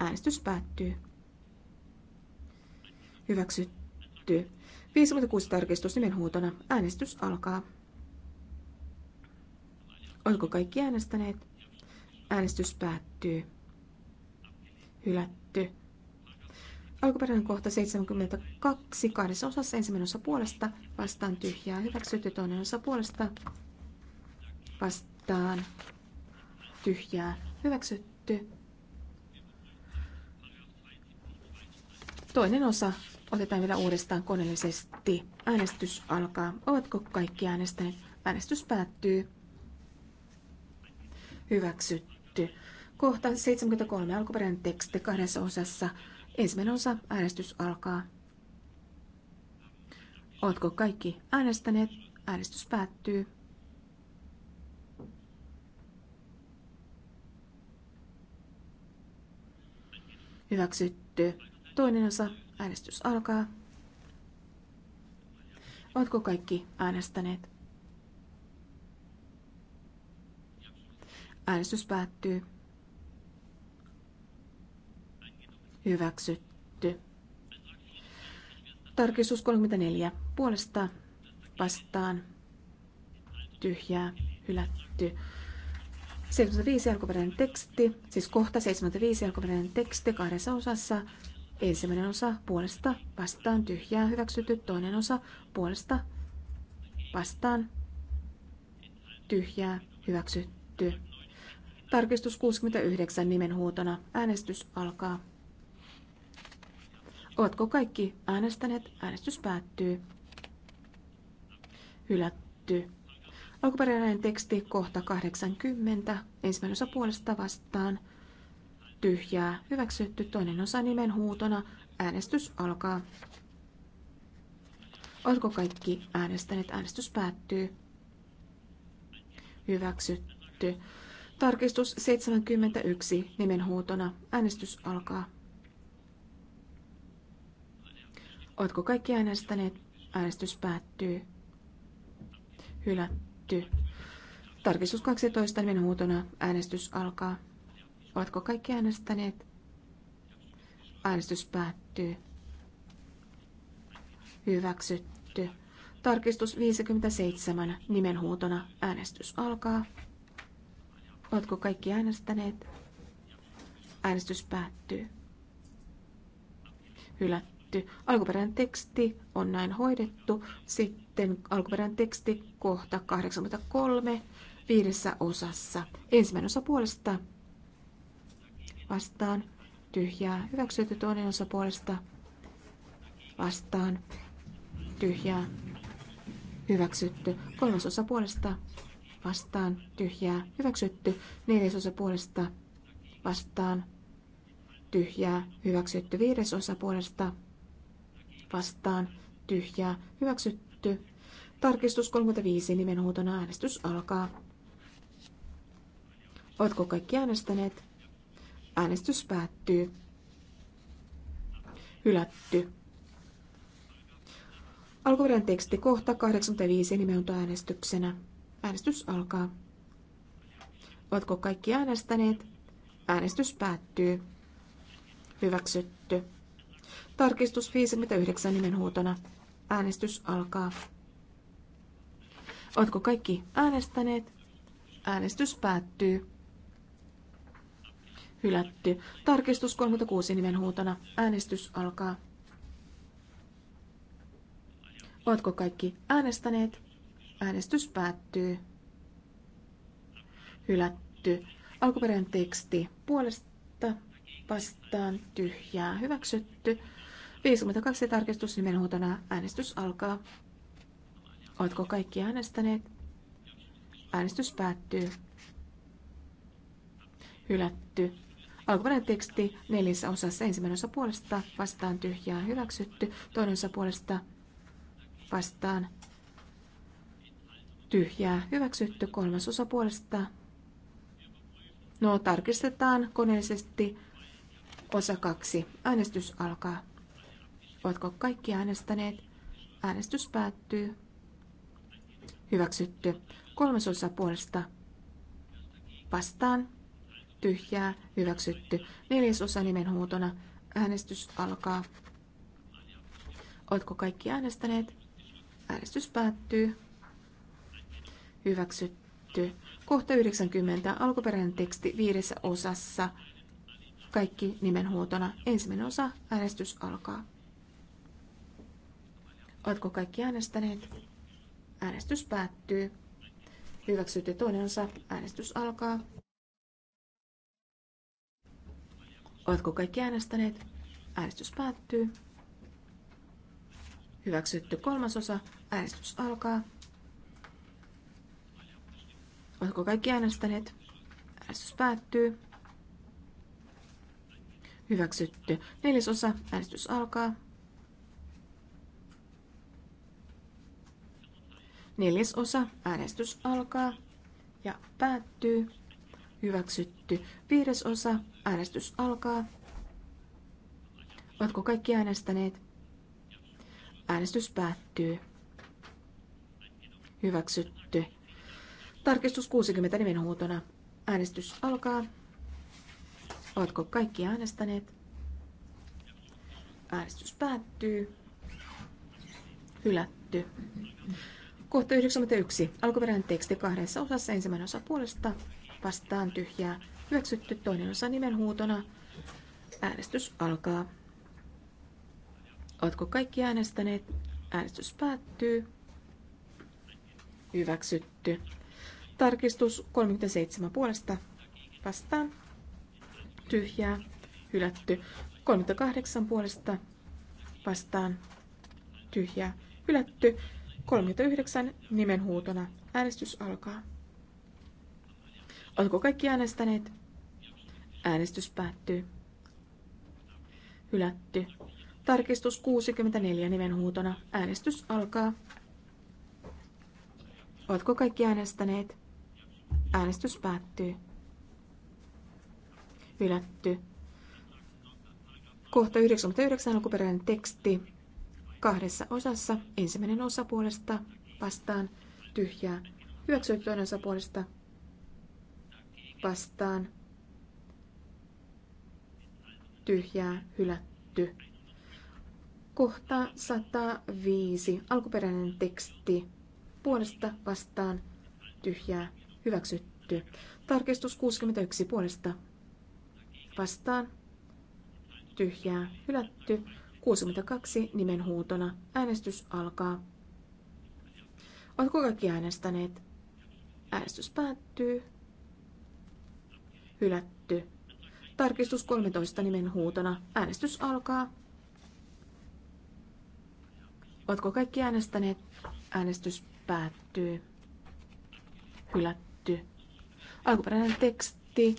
Äänestys päättyy. Hyväksytty. 56 tarkistus nimenhuutona. Äänestys alkaa. Oletko kaikki äänestäneet? Äänestys päättyy. Hylätty. Alkuperäinen kohta 72, kahdessa osassa ensimmäinen osa puolesta, vastaan tyhjää, hyväksytty toinen osa puolesta, vastaan tyhjää, hyväksytty. Toinen osa otetaan vielä uudestaan koneellisesti. Äänestys alkaa. Ovatko kaikki äänestäneet? Äänestys päättyy. Hyväksytty hylätty. Kohta 73 alkuperäinen teksti kahdessa osassa. Ensimmäinen osa äänestys alkaa. Oletko kaikki äänestäneet? Äänestys päättyy. Hyväksytty. Toinen osa. Äänestys alkaa. Oletko kaikki äänestäneet? Äänestys päättyy. Hyväksytty. Tarkistus 34. Puolesta vastaan. Tyhjää. Hylätty. 75 alkuperäinen teksti, siis kohta 75 alkuperäinen teksti kahdessa osassa. Ensimmäinen osa puolesta vastaan tyhjää hyväksytty, toinen osa puolesta vastaan tyhjää hyväksytty. Tarkistus 69 nimenhuutona. Äänestys alkaa. Ovatko kaikki äänestäneet? Äänestys päättyy. Hylätty. Alkuperäinen teksti kohta 80. Ensimmäinen osa puolesta vastaan. Tyhjää. Hyväksytty. Toinen osa nimenhuutona Äänestys alkaa. Oletko kaikki äänestäneet? Äänestys päättyy. Hyväksytty. Tarkistus 71 nimenhuutona. Äänestys alkaa. Oletko kaikki äänestäneet? Äänestys päättyy. Hylätty. Tarkistus 12 nimenhuutona. Äänestys alkaa. Oletko kaikki äänestäneet? Äänestys päättyy. Hyväksytty. Tarkistus 57 nimenhuutona. Äänestys alkaa. Oletko kaikki äänestäneet? Äänestys päättyy. Hylätty. Alkuperäinen teksti on näin hoidettu. Sitten alkuperäinen teksti kohta 83 viidessä osassa. Ensimmäinen osa puolesta vastaan. Tyhjää. Hyväksytty toinen osa puolesta vastaan. Tyhjää. Hyväksytty. Kolmas osa puolesta vastaan tyhjää hyväksytty. Neljäsosa puolesta vastaan tyhjää hyväksytty. Viidesosa puolesta vastaan tyhjää hyväksytty. Tarkistus 35 nimenhuutona äänestys alkaa. Oletko kaikki äänestäneet? Äänestys päättyy. Hylätty. Alkuperäinen teksti kohta 85 nimenhuutoäänestyksenä. äänestyksenä. Äänestys alkaa. Oletko kaikki äänestäneet? Äänestys päättyy. Hyväksytty. Tarkistus 59 nimenhuutona. Äänestys alkaa. Oletko kaikki äänestäneet? Äänestys päättyy. Hylätty. Tarkistus 36 nimenhuutona. Äänestys alkaa. Oletko kaikki äänestäneet? Äänestys päättyy. Hylätty. Alkuperäinen teksti puolesta vastaan tyhjää hyväksytty. 52 tarkistus nimenhuutona. Äänestys alkaa. Oletko kaikki äänestäneet? Äänestys päättyy. Hylätty. Alkuperäinen teksti neljässä osassa. Ensimmäinen osa puolesta vastaan tyhjää hyväksytty. Toinen osa puolesta vastaan tyhjää hyväksytty kolmas osa puolesta. No, tarkistetaan koneellisesti osa kaksi. Äänestys alkaa. Oletko kaikki äänestäneet? Äänestys päättyy. Hyväksytty. Kolmasosa puolesta. Vastaan. Tyhjää. Hyväksytty. Neljäsosa nimenhuutona. Äänestys alkaa. Oletko kaikki äänestäneet? Äänestys päättyy hyväksytty. Kohta 90, alkuperäinen teksti viidessä osassa, kaikki nimenhuutona. Ensimmäinen osa, äänestys alkaa. Oletko kaikki äänestäneet? Äänestys päättyy. Hyväksytty toinen osa, äänestys alkaa. Oletko kaikki äänestäneet? Äänestys päättyy. Hyväksytty kolmas osa Äänestys alkaa. Oletko kaikki äänestäneet? Äänestys päättyy. Hyväksytty. Neljäsosa. Äänestys alkaa. Neljäsosa. Äänestys alkaa ja päättyy. Hyväksytty. Viidesosa. Äänestys alkaa. Oletko kaikki äänestäneet? Äänestys päättyy. Hyväksytty. Tarkistus 60 nimenhuutona. Äänestys alkaa. Oletko kaikki äänestäneet? Äänestys päättyy. Hylätty. Kohta 91. Alkuperäinen teksti kahdessa osassa. Ensimmäinen osa puolesta vastaan tyhjää. Hyväksytty toinen osa nimenhuutona. Äänestys alkaa. Oletko kaikki äänestäneet? Äänestys päättyy. Hyväksytty. Tarkistus 37 puolesta vastaan. Tyhjää. Hylätty. 38 puolesta vastaan. Tyhjää. Hylätty. 39 nimenhuutona. Äänestys alkaa. Oletko kaikki äänestäneet? Äänestys päättyy. Hylätty. Tarkistus 64 nimenhuutona. Äänestys alkaa. Oletko kaikki äänestäneet? Äänestys päättyy. Hylätty. Kohta 99 alkuperäinen teksti. Kahdessa osassa. Ensimmäinen osa puolesta vastaan tyhjää. Hyväksytty toinen osa puolesta vastaan tyhjää hylätty. Kohta 105. Alkuperäinen teksti. Puolesta vastaan tyhjää Hyväksytty. Tarkistus 61 puolesta. Vastaan. Tyhjää. Hylätty. 62 nimenhuutona. Äänestys alkaa. Oletko kaikki äänestäneet? Äänestys päättyy. Hylätty. Tarkistus 13 nimen huutona. Äänestys alkaa. Oletko kaikki äänestäneet? Äänestys päättyy. Hylätty hylätty. Alkuperäinen teksti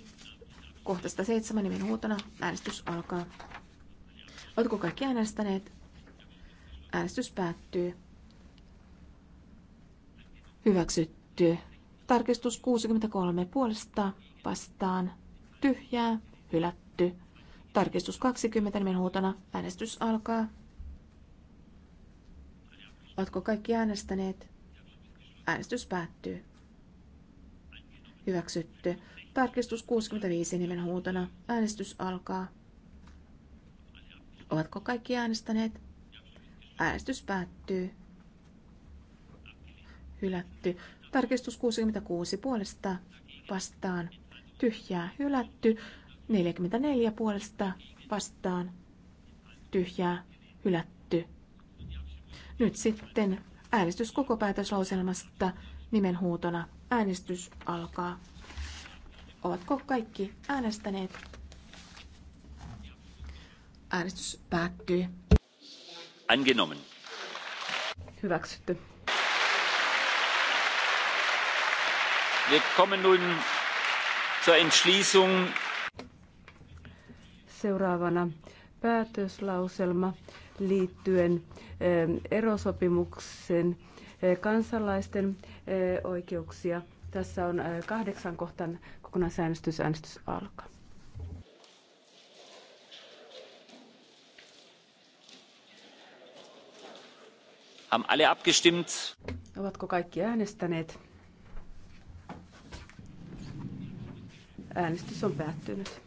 Kohtaista seitsemän nimen huutona. Äänestys alkaa. Oletko kaikki äänestäneet? Äänestys päättyy. Hyväksytty. Tarkistus 63 puolesta vastaan. Tyhjää. Hylätty. Tarkistus 20 nimen huutona. Äänestys alkaa. Oletko kaikki äänestäneet? Äänestys päättyy. Hyväksytty. Tarkistus 65 nimen huutona. Äänestys alkaa. Ovatko kaikki äänestäneet? Äänestys päättyy. Hylätty. Tarkistus 66 puolesta vastaan. Tyhjää hylätty. 44 puolesta vastaan. Tyhjää hylätty. Nyt sitten äänestys koko päätöslauselmasta nimenhuutona. Äänestys alkaa. Ovatko kaikki äänestäneet? Äänestys päättyy. Angenommen. Hyväksytty. Wir kommen nun zur Entschließung. Seuraavana päätöslauselma liittyen ähm, erosopimuksen kansalaisten oikeuksia. Tässä on kahdeksan kohtan kokonaisäänestys. Äänestys alkaa. Haben alle abgestimmt? Ovatko kaikki äänestäneet? Äänestys on päättynyt.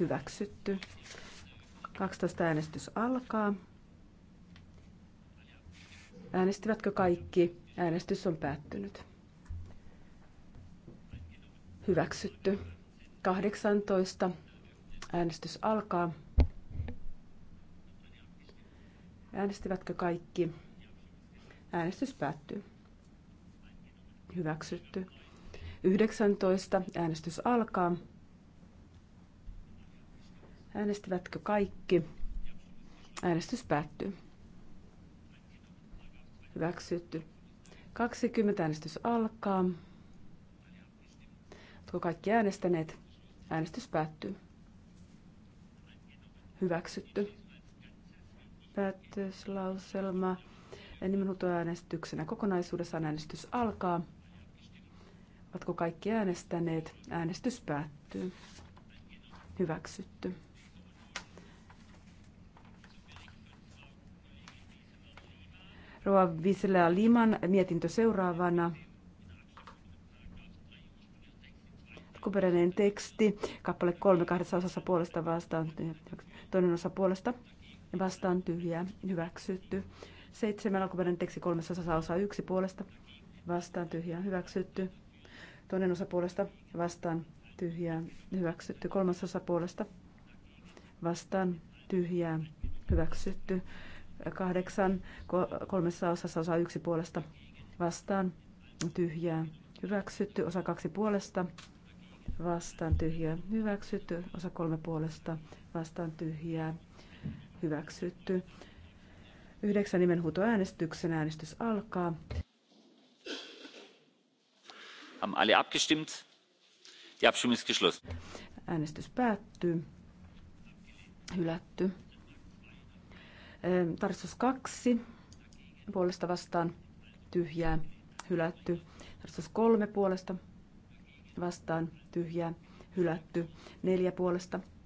Hyväksytty. 12 äänestys alkaa. Äänestivätkö kaikki? Äänestys on päättynyt. Hyväksytty. 18. Äänestys alkaa. Äänestivätkö kaikki? Äänestys päättyy. Hyväksytty. 19. Äänestys alkaa. Äänestivätkö kaikki? Äänestys päättyy. Hyväksytty. 20 äänestys alkaa. Oletko kaikki äänestäneet? Äänestys päättyy. Hyväksytty. Päätöslauselma. Nimenhuutoäänestyksenä kokonaisuudessaan äänestys alkaa. Oletko kaikki äänestäneet? Äänestys päättyy. Hyväksytty. Roa Vislea Liman mietintö seuraavana. Alkuperäinen teksti, kappale kolme kahdessa osassa puolesta vastaan, toinen osa puolesta vastaan tyhjää, hyväksytty. Seitsemän alkuperäinen teksti kolmessa osassa osa yksi puolesta vastaan tyhjää, hyväksytty. Toinen osa puolesta vastaan tyhjää, hyväksytty. Kolmas osa puolesta vastaan tyhjää, hyväksytty kahdeksan, kolmessa osassa osa yksi puolesta vastaan, tyhjää, hyväksytty, osa kaksi puolesta vastaan, tyhjää, hyväksytty, osa kolme puolesta vastaan, tyhjää, hyväksytty. Yhdeksän äänestyksen, äänestys alkaa. Haben alle abgestimmt? Die Abstimmung ist geschlossen. Äänestys päättyy. Hylätty. Tarsus 2 puolesta vastaan tyhjää hylätty. Tarsus 3 puolesta vastaan tyhjää hylätty. 4 puolesta